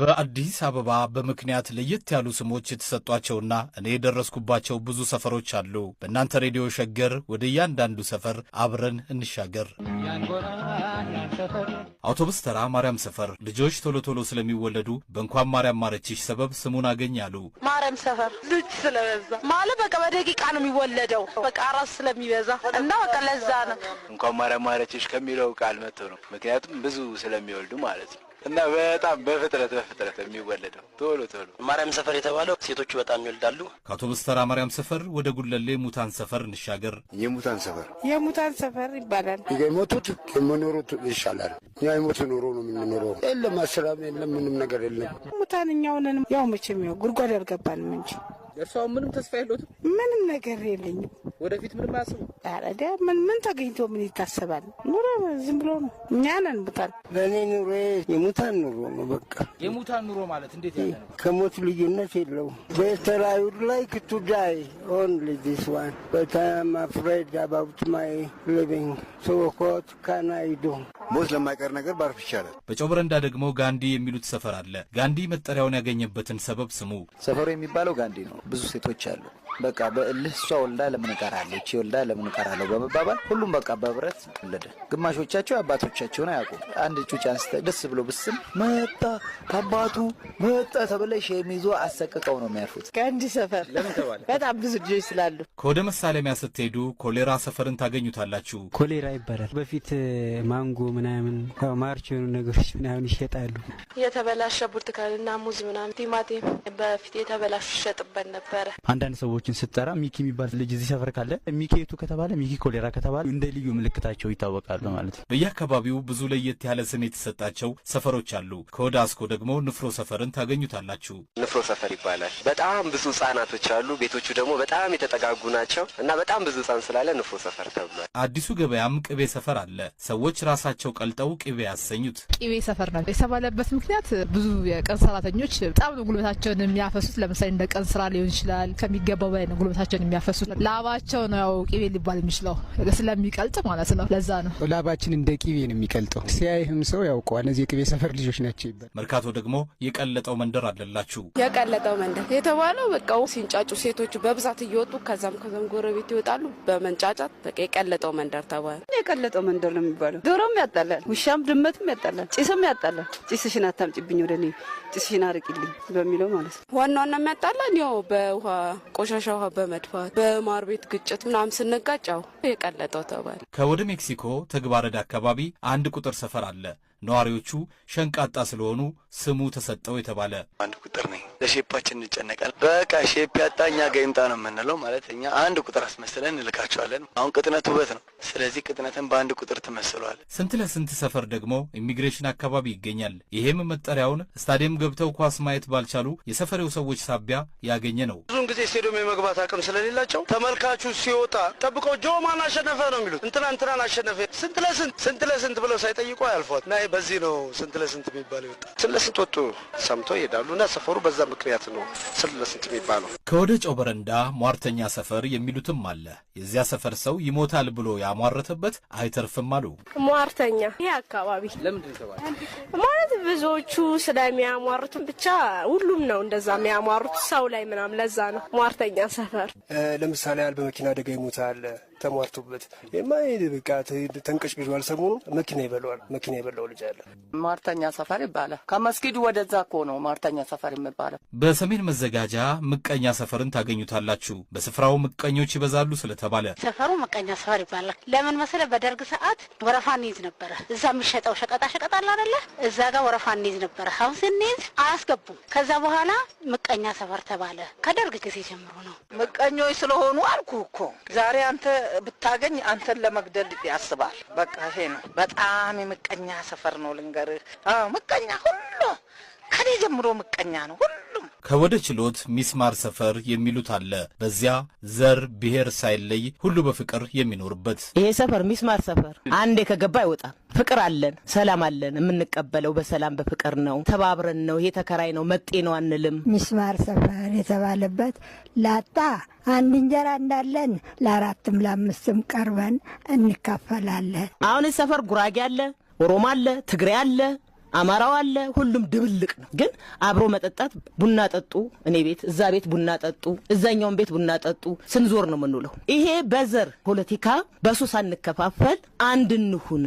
በአዲስ አበባ በምክንያት ለየት ያሉ ስሞች የተሰጧቸውና እኔ የደረስኩባቸው ብዙ ሰፈሮች አሉ። በእናንተ ሬዲዮ ሸገር ወደ እያንዳንዱ ሰፈር አብረን እንሻገር። አውቶቡስ ተራ ማርያም ሰፈር ልጆች ቶሎ ቶሎ ስለሚወለዱ በእንኳን ማርያም ማረችሽ ሰበብ ስሙን አገኛሉ። ማርያም ሰፈር ልጅ ስለበዛ ማለት በቃ በደቂቃ ነው የሚወለደው፣ በቃ አራስ ስለሚበዛ እና በቃ ለዛ ነው እንኳን ማርያም ማረችሽ ከሚለው ቃል መጥቶ ነው። ምክንያቱም ብዙ ስለሚወልዱ ማለት ነው። እና በጣም በፍጥረት በፍጥረት የሚወለደው ቶሎ ቶሎ ማርያም ሰፈር የተባለው ሴቶቹ በጣም ይወልዳሉ። ከአቶ ምስተራ ማርያም ሰፈር ወደ ጉለሌ ሙታን ሰፈር እንሻገር። የሙታን ሰፈር የሙታን ሰፈር ይባላል። የሞቱት የመኖሩት ይሻላል። እኛ የሞት ኖሮ ነው የምንኖረው። የለም አስራም የለም ምንም ነገር የለም። ሙታን እኛውንን ያው መቼም ያው ጉድጓድ ያልገባንም እንጂ እርሷ ምንም ተስፋ የለትም። ምንም ነገር የለኝም ወደፊት ምንም አያስቡ። አረዳ ምን ምን ተገኝቶ ምን ይታሰባል? ኑሮ ዝም ብሎ ነው። እኛ ነን ሙታን። በእኔ ኑሮ የሙታን ኑሮ ነው። በቃ የሙታን ኑሮ ማለት እንዴት ያለ ነው? ከሞት ልዩነት የለውም። በተለያዩ ላይ ክቱዳይ ኦን ሊዲስ ዋን በታም አፍሬድ አባውት ማይ ሊቪንግ ሶኮት ካናይዶ ሞት ለማይቀር ነገር ባርፍ ይቻላል። በጨው ደግሞ ጋንዲ የሚሉት ሰፈር አለ። ጋንዲ መጠሪያውን ያገኘበትን ሰበብ ስሙ። ሰፈሩ የሚባለው ጋንዲ ነው። ብዙ ሴቶች አሉ። በቃ በእልህ እሷ ወልዳ ለምን እቀራለሁ፣ እቺ ወልዳ ለምን እቀራለሁ በመባባል ሁሉም በቃ በህብረት ወለደ። ግማሾቻቸው አባቶቻቸውን አያውቁም። አንድ ጩጭ አንስተ ደስ ብሎ ብስም መጣ ከአባቱ መጣ ተብለ ሸሚዞ አሰቅቀው ነው የሚያርፉት። ከአንድ ሰፈር በጣም ብዙ ልጆች ስላሉ ከወደ መሳለሚያ ስትሄዱ ኮሌራ ሰፈርን ታገኙታላችሁ። ኮሌራ ይባላል። በፊት ማንጎ ምናምን ማርች የሆኑ ነገሮች ምናምን ይሸጣሉ። የተበላሸ ብርቱካንና ሙዝ ምናምን ቲማቲም በፊት የተበላሹ ይሸጥበት ነበረ። አንዳንድ ሰዎች ሰዎችን ስጠራ ሚኪ የሚባል ልጅ እዚህ ሰፈር ካለ ሚኬቱ ከተባለ ሚኪ ኮሌራ ከተባለ እንደ ልዩ ምልክታቸው ይታወቃሉ ማለት ነው። በየአካባቢው ብዙ ለየት ያለ ስም የተሰጣቸው ሰፈሮች አሉ። ከወደ አስኮ ደግሞ ንፍሮ ሰፈርን ታገኙታላችሁ። ንፍሮ ሰፈር ይባላል። በጣም ብዙ ህጻናቶች አሉ። ቤቶቹ ደግሞ በጣም የተጠጋጉ ናቸው እና በጣም ብዙ ህጻን ስላለ ንፍሮ ሰፈር ተብሏል። አዲሱ ገበያም ቅቤ ሰፈር አለ። ሰዎች ራሳቸው ቀልጠው ቅቤ ያሰኙት ቅቤ ሰፈር ነው የተባለበት ምክንያት ብዙ የቀን ሰራተኞች በጣም ጉልበታቸውን የሚያፈሱት ለምሳሌ እንደ ቀን ስራ ሊሆን ይችላል ከሚገባው በላይ ነው ጉልበታቸውን የሚያፈሱት። ላባቸው ነው ያው ቂቤ ሊባል የሚችለው ስለሚቀልጥ ማለት ነው። ለዛ ነው ላባችን እንደ ቂቤ ነው የሚቀልጠው። ሲያይህም ሰው ያውቀዋል። እነዚህ የቅቤ ሰፈር ልጆች ናቸው ይባል። መርካቶ ደግሞ የቀለጠው መንደር አለላችሁ። የቀለጠው መንደር የተባለው በቃው ሲንጫጩ ሴቶች በብዛት እየወጡ ከዛም ከዛም ጎረቤት ይወጣሉ በመንጫጫት በቃ የቀለጠው መንደር ተባለ። የቀለጠው መንደር ነው የሚባለው። ዶሮም ያጣላል፣ ውሻም ድመትም ያጣላል፣ ጭስም ያጣላል። ጭስሽን አታምጭብኝ ወደ እኔ ጭስሽን አርቂልኝ በሚለው ማለት ነው። ዋና ዋና የሚያጣላን ያው በውሃ ቆሻሻ ቆሻሻ ውሃ በመድፋት በማር ቤት ግጭት ምናምን ስንጋጫው የቀለጠው ተባለ። ከወደ ሜክሲኮ ተግባረድ አካባቢ አንድ ቁጥር ሰፈር አለ። ነዋሪዎቹ ሸንቃጣ ስለሆኑ ስሙ ተሰጠው የተባለ አንድ ቁጥር ነኝ። ለሼፓችን እንጨነቃል። በቃ ሼፕ ያጣ እኛ ነው የምንለው። ማለት እኛ አንድ ቁጥር አስመስለን እንልካቸዋለን። አሁን ቅጥነት ውበት ነው። ስለዚህ ቅጥነትን በአንድ ቁጥር ትመስለዋል። ስንት ለስንት ሰፈር ደግሞ ኢሚግሬሽን አካባቢ ይገኛል። ይሄም መጠሪያውን ስታዲየም ገብተው ኳስ ማየት ባልቻሉ የሰፈሬው ሰዎች ሳቢያ ያገኘ ነው። ብዙውን ጊዜ ስቴዲየም የመግባት አቅም ስለሌላቸው ተመልካቹ ሲወጣ ጠብቀው ጆማን አሸነፈ ነው የሚሉት፣ እንትና እንትናን አሸነፈ፣ ስንት ለስንት ስንት ለስንት ብለው ሳይጠይቁ አያልፏት በዚህ ነው ስንት ለስንት የሚባለው ይወጣል። ስንት ለስንት ወጡ ሰምተው ይሄዳሉ እና ሰፈሩ በዛ ምክንያት ነው ስንት ለስንት የሚባለው። ከወደ ጨው በረንዳ ሟርተኛ ሰፈር የሚሉትም አለ። የዚያ ሰፈር ሰው ይሞታል ብሎ ያሟረተበት አይተርፍም አሉ። ሟርተኛ ይህ አካባቢ ማለት ብዙዎቹ ስለሚያሟርቱ ብቻ ሁሉም ነው እንደዛ የሚያሟሩት ሰው ላይ ምናምን፣ ለዛ ነው ሟርተኛ ሰፈር። ለምሳሌ ያህል በመኪና አደጋ ይሞታል ተሟርቶበት የማይ በቃ ተንቀጭቅዟል። ሰሞኑ መኪና ይበለዋል። መኪና ይበለው ልጅ አለ። ማርተኛ ሰፈር ይባላል። ከመስጊዱ ወደዛ እኮ ነው ማርተኛ ሰፈር የሚባለው። በሰሜን መዘጋጃ ምቀኛ ሰፈርን ታገኙታላችሁ። በስፍራው ምቀኞች ይበዛሉ ስለተባለ ሰፈሩ ምቀኛ ሰፈር ይባላል። ለምን መሰለ፣ በደርግ ሰዓት ወረፋ እንይዝ ነበረ። እዛ የሚሸጠው ሸቀጣ ሸቀጣ አለ እዛ ጋር ወረፋ እንይዝ ነበረ። አሁን ስንይዝ አያስገቡም። ከዛ በኋላ ምቀኛ ሰፈር ተባለ። ከደርግ ጊዜ ጀምሮ ነው ምቀኞች ስለሆኑ አልኩ እኮ ዛሬ አንተ ብታገኝ አንተን ለመግደል ያስባል። በቃ ይሄ ነው። በጣም የምቀኛ ሰፈር ነው ልንገርህ። ምቀኛ ሁሉ ከኔ ጀምሮ ምቀኛ ነው። ከወደ ችሎት ሚስማር ሰፈር የሚሉት አለ። በዚያ ዘር ብሔር ሳይለይ ሁሉ በፍቅር የሚኖርበት ይሄ ሰፈር ሚስማር ሰፈር አንዴ ከገባ አይወጣም። ፍቅር አለን፣ ሰላም አለን። የምንቀበለው በሰላም በፍቅር ነው። ተባብረን ነው። ይሄ ተከራይ ነው መጤ ነው አንልም። ሚስማር ሰፈር የተባለበት ላጣ አንድ እንጀራ እንዳለን ለአራትም ለአምስትም ቀርበን እንካፈላለን። አሁን ሰፈር ጉራጌ አለ፣ ኦሮሞ አለ፣ ትግሬ አለ አማራው አለ፣ ሁሉም ድብልቅ ነው። ግን አብሮ መጠጣት ቡና ጠጡ፣ እኔ ቤት፣ እዛ ቤት ቡና ጠጡ፣ እዛኛውን ቤት ቡና ጠጡ፣ ስንዞር ነው የምንውለው። ይሄ በዘር ፖለቲካ በሱ ሳንከፋፈል አንድ እንሁን፣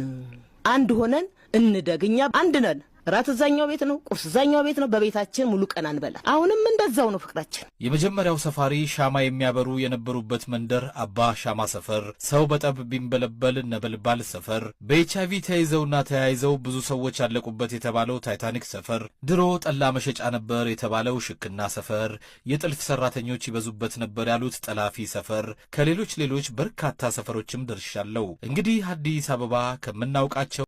አንድ ሆነን እንደግ። እኛ አንድ ነን። ራት እዛኛው ቤት ነው፣ ቁርስ እዛኛው ቤት ነው። በቤታችን ሙሉ ቀን አንበላ። አሁንም እንደዛው ነው ፍቅራችን። የመጀመሪያው ሰፋሪ ሻማ የሚያበሩ የነበሩበት መንደር አባ ሻማ ሰፈር፣ ሰው በጠብ ቢንበለበል ነበልባል ሰፈር፣ በኤችአይቪ ተያይዘውና ተያይዘው ብዙ ሰዎች ያለቁበት የተባለው ታይታኒክ ሰፈር፣ ድሮ ጠላ መሸጫ ነበር የተባለው ሽክና ሰፈር፣ የጥልፍ ሰራተኞች ይበዙበት ነበር ያሉት ጠላፊ ሰፈር፣ ከሌሎች ሌሎች በርካታ ሰፈሮችም ደርሻለሁ። እንግዲህ አዲስ አበባ ከምናውቃቸው